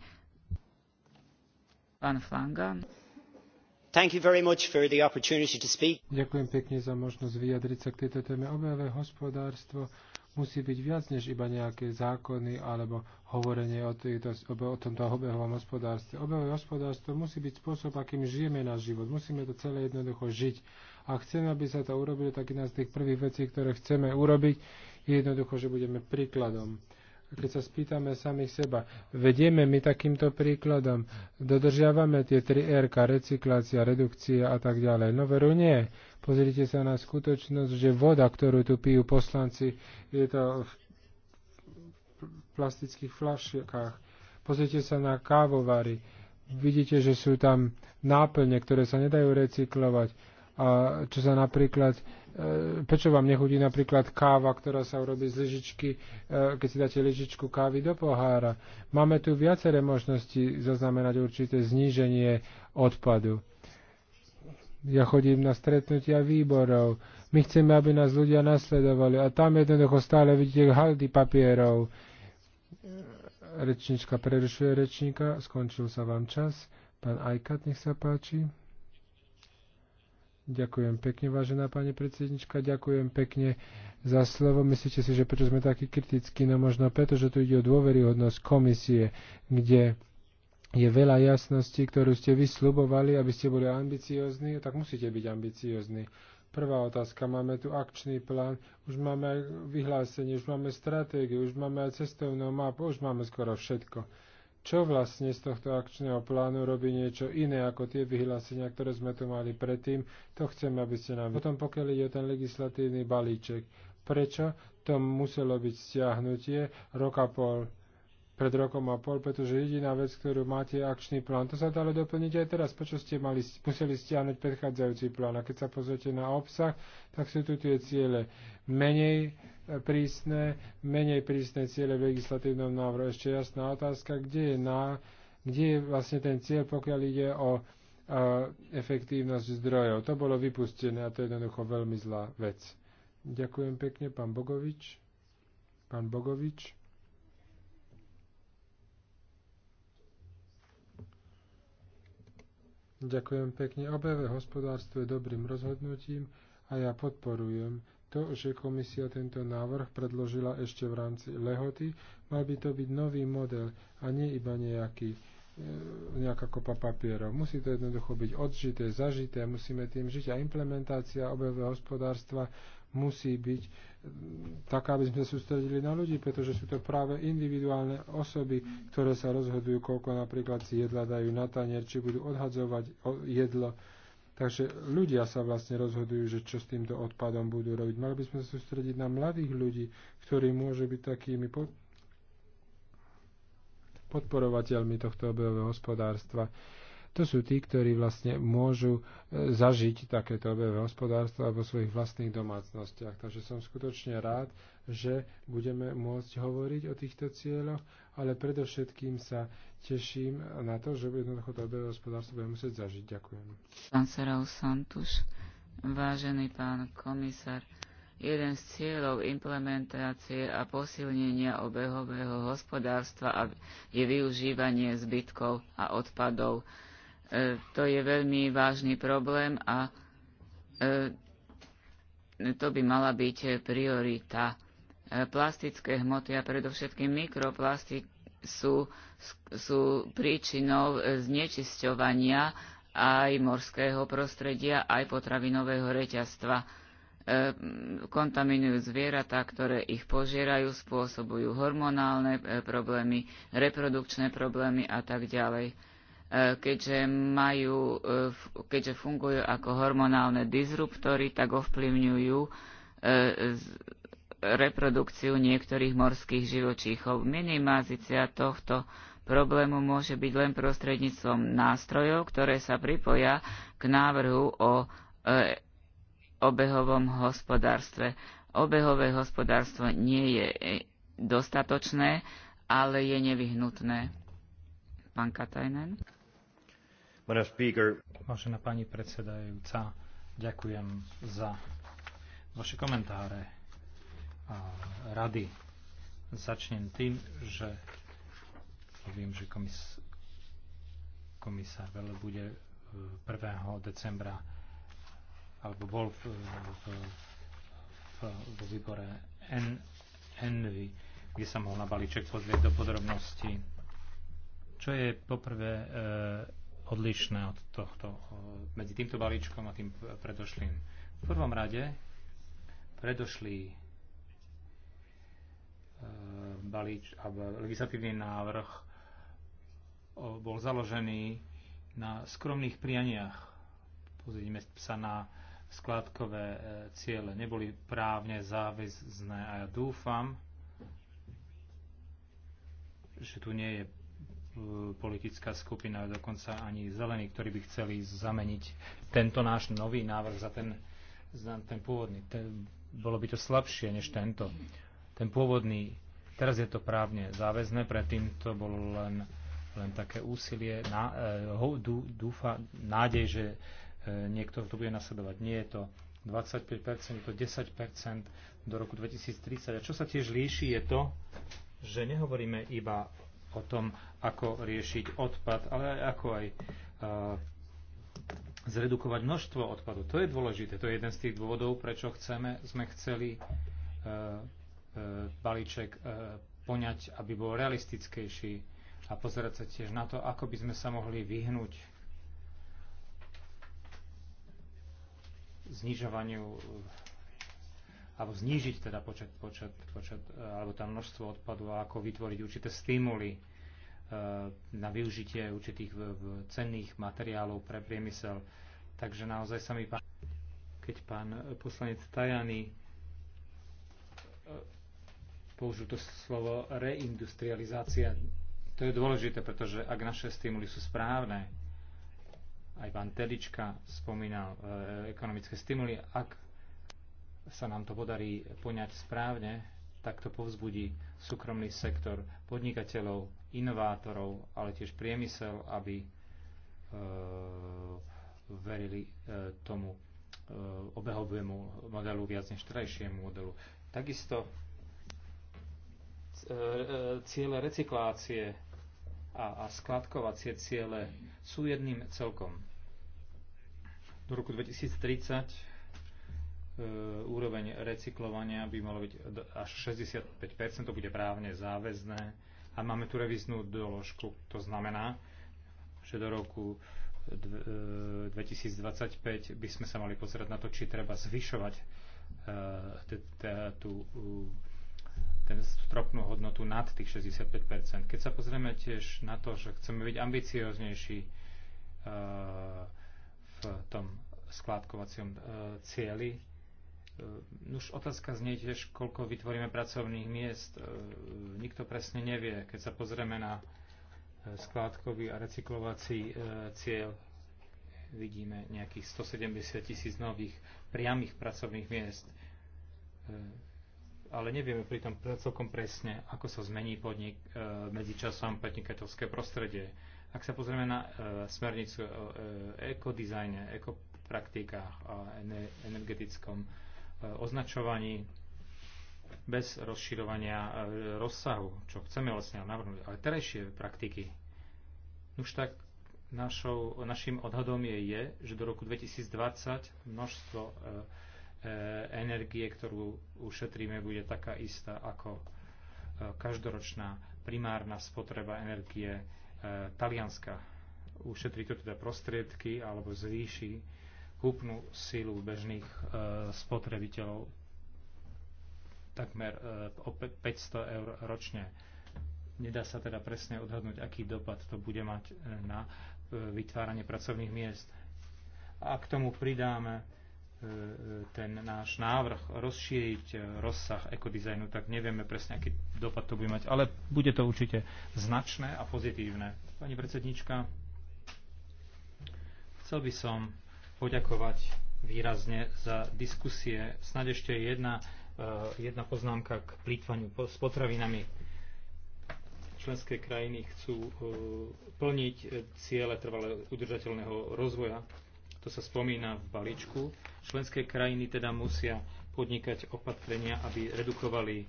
Pán Flanagan. Ďakujem pekne za možnosť vyjadriť sa k tejto téme. Obehové hospodárstvo musí byť viac než iba nejaké zákony alebo hovorenie o, týto, o tomto obehovom hospodárstve. Obehové hospodárstvo musí byť spôsob, akým žijeme náš život. Musíme to celé jednoducho žiť. A chceme, aby sa to urobilo, tak jedna z tých prvých vecí, ktoré chceme urobiť, je jednoducho, že budeme príkladom keď sa spýtame samých seba, vedieme my takýmto príkladom, dodržiavame tie tri R, recyklácia, redukcia a tak ďalej. No veru nie. Pozrite sa na skutočnosť, že voda, ktorú tu pijú poslanci, je to v plastických flaškách. Pozrite sa na kávovary. Vidíte, že sú tam náplne, ktoré sa nedajú recyklovať. A čo sa napríklad E, prečo vám nechutí napríklad káva, ktorá sa urobí z lyžičky, e, keď si dáte lyžičku kávy do pohára. Máme tu viaceré možnosti zaznamenať určité zníženie odpadu. Ja chodím na stretnutia výborov. My chceme, aby nás ľudia nasledovali. A tam jednoducho stále vidíte haldy papierov. Rečnička prerušuje rečníka. Skončil sa vám čas. Pán Ajkat, nech sa páči. Ďakujem pekne, vážená pani predsednička, ďakujem pekne za slovo. Myslíte si, že prečo sme takí kritickí? No možno preto, že tu ide o dôveryhodnosť komisie, kde je veľa jasností, ktorú ste vyslubovali, aby ste boli ambiciozni, no tak musíte byť ambiciozni. Prvá otázka, máme tu akčný plán, už máme vyhlásenie, už máme stratégiu, už máme aj cestovnú mapu, už máme skoro všetko čo vlastne z tohto akčného plánu robí niečo iné ako tie vyhlásenia, ktoré sme tu mali predtým. To chceme, aby ste nám... Potom pokiaľ ide o ten legislatívny balíček, prečo to muselo byť stiahnutie roka pol pred rokom a pol, pretože jediná vec, ktorú máte, je akčný plán. To sa dá ale doplniť aj teraz, prečo ste mali, museli stiahnuť predchádzajúci plán. A keď sa pozrite na obsah, tak sú tu tie ciele menej e, prísne, menej prísne ciele v legislatívnom návrhu. Ešte jasná otázka, kde je, na, kde je vlastne ten cieľ, pokiaľ ide o a, e, efektívnosť zdrojov. To bolo vypustené a to je jednoducho veľmi zlá vec. Ďakujem pekne, pán Bogovič. Pán Bogovič. Ďakujem pekne. Obehové hospodárstvo je dobrým rozhodnutím a ja podporujem to, že komisia tento návrh predložila ešte v rámci lehoty. Mal by to byť nový model a nie iba nejaký e, nejaká kopa papierov. Musí to jednoducho byť odžité, zažité, musíme tým žiť a implementácia obehového hospodárstva musí byť mm, taká, aby sme sa sústredili na ľudí, pretože sú to práve individuálne osoby, ktoré sa rozhodujú, koľko napríklad si jedla dajú na tanier, či budú odhadzovať jedlo. Takže ľudia sa vlastne rozhodujú, že čo s týmto odpadom budú robiť. Mali by sme sa sústrediť na mladých ľudí, ktorí môžu byť takými podporovateľmi tohto obehového hospodárstva. To sú tí, ktorí vlastne môžu e, zažiť takéto obehové hospodárstvo alebo svojich vlastných domácnostiach. Takže som skutočne rád, že budeme môcť hovoriť o týchto cieľoch, ale predovšetkým sa teším na to, že jednoducho to obehové hospodárstvo budeme musieť zažiť. Ďakujem. Pán Serau Santuš, vážený pán komisár, jeden z cieľov implementácie a posilnenia obehového hospodárstva je využívanie zbytkov a odpadov. E, to je veľmi vážny problém a e, to by mala byť priorita. E, plastické hmoty a predovšetkým mikroplasty sú, sú príčinou znečisťovania aj morského prostredia, aj potravinového reťazstva. kontaminujú zvieratá, ktoré ich požierajú, spôsobujú hormonálne problémy, reprodukčné problémy a tak ďalej E, keďže, majú, e, keďže fungujú ako hormonálne disruptory, tak ovplyvňujú e, reprodukciu niektorých morských živočíchov. Minimázia tohto problému môže byť len prostredníctvom nástrojov, ktoré sa pripoja k návrhu o obehovom hospodárstve. Obehové hospodárstvo nie je dostatočné, ale je nevyhnutné. Pán Katajnen. Vážená pani predsedajúca, ďakujem za vaše komentáre a rady. Začnem tým, že viem, že komis, komisár Vele bude 1. E, decembra alebo bol v, v, v, v výbore Envy, kde sa mohol na balíček pozrieť do podrobností. Čo je poprvé e, odlišné od tohto, eh, medzi týmto balíčkom a tým predošlým. V prvom rade predošlý eh, balíč, legislatívny návrh bol založený na skromných prianiach. Pozrime sa na skládkové eh, ciele. Neboli právne záväzné a ja dúfam, že tu nie je E, politická skupina, dokonca ani zelení, ktorí by chceli zameniť tento náš nový návrh za ten, za ten pôvodný. Ten, bolo by to slabšie než tento. Ten pôvodný, teraz je to právne záväzné, predtým to bolo len, len také úsilie, na, e, dú, dúfa, nádej, že eh, niekto to bude nasledovať. Nie je to 25%, je to 10% do roku 2030. A čo sa tiež líši, je to, že nehovoríme iba o tom, ako riešiť odpad, ale aj ako aj zredukovať množstvo odpadu. To je dôležité. To je jeden z tých dôvodov, prečo chceme, sme chceli balíček poňať, aby bol realistickejší a pozerať sa tiež na to, ako by sme sa mohli vyhnúť znižovaniu alebo znížiť teda počet, počet, počet e, alebo tam množstvo odpadu a ako vytvoriť určité stimuly e, na využitie určitých cenných materiálov pre priemysel. Takže naozaj sa mi pán, keď pán poslanec Tajany e, použil to slovo reindustrializácia. To je dôležité, pretože ak naše stimuly sú správne, aj pán Telička spomínal e, ekonomické stimuly, ak sa nám to podarí poňať správne, tak to povzbudí súkromný sektor podnikateľov, inovátorov, ale tiež priemysel, aby e, verili e, tomu e, obehovému modelu viac než trajšiemu modelu. Takisto e, e, ciele recyklácie a, a skladkovacie ciele sú jedným celkom. Do roku 2030 E, úroveň recyklovania by malo byť až 65%, to bude právne záväzné. A máme tu reviznú doložku. To znamená, že do roku 2025 e, by sme sa mali pozerať na to, či treba zvyšovať e, ten stropnú hodnotu nad tých 65%. Keď sa pozrieme tiež na to, že chceme byť ambicioznejší v tom skládkovacom cieli, E, už otázka znie tiež, koľko vytvoríme pracovných miest. E, nikto presne nevie, keď sa pozrieme na e, skládkový a recyklovací cieľ. Vidíme nejakých 170 tisíc nových priamých pracovných miest. Ale nevieme pritom celkom presne, ako sa zmení podnik medzičasom podnikateľské prostredie. Ak sa pozrieme na smernicu o ekodizajne, ekopraktikách a energetickom označovaní bez rozširovania e, rozsahu, čo chceme vlastne navrhnúť, ale terajšie praktiky. Už tak našou, našim odhadom je, je, že do roku 2020 množstvo e, e, energie, ktorú ušetríme, bude taká istá ako e, každoročná primárna spotreba energie e, talianska. Ušetrí to teda prostriedky alebo zvýši kúpnu silu bežných e, spotrebiteľov takmer e, o 500 eur ročne. Nedá sa teda presne odhadnúť, aký dopad to bude mať e, na vytváranie pracovných miest. A k tomu pridáme ten náš návrh rozšíriť rozsah ekodizajnu, tak nevieme presne, aký dopad to bude mať, ale bude to určite značné a pozitívne. Pani predsednička, chcel by som poďakovať výrazne za diskusie. Snad ešte jedna, eh, jedna poznámka k plýtvaniu s potravinami. Členské krajiny chcú eh, plniť eh, ciele trvale udržateľného rozvoja. To sa spomína v balíčku. Členské krajiny teda musia podnikať opatrenia, aby redukovali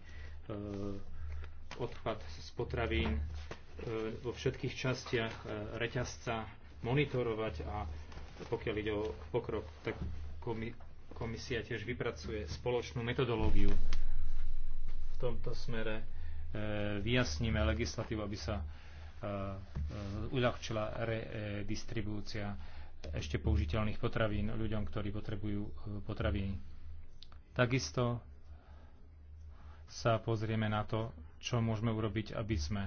odpad z potravín vo všetkých častiach reťazca, monitorovať a pokiaľ ide o pokrok, tak komisia tiež vypracuje spoločnú metodológiu v tomto smere. E, vyjasníme legislatívu, aby sa e, e, uľahčila redistribúcia ešte použiteľných potravín ľuďom, ktorí potrebujú potraviny. Takisto sa pozrieme na to, čo môžeme urobiť, aby sme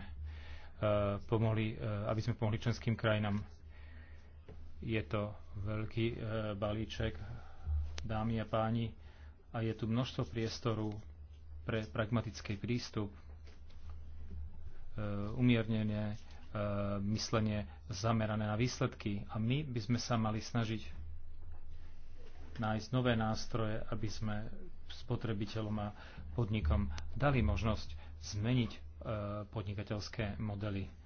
pomohli, aby sme pomohli členským krajinám je to veľký e, balíček, dámy a páni, a je tu množstvo priestoru pre pragmatický prístup, e, umiernenie, e, myslenie zamerané na výsledky. A my by sme sa mali snažiť nájsť nové nástroje, aby sme spotrebiteľom a podnikom dali možnosť zmeniť e, podnikateľské modely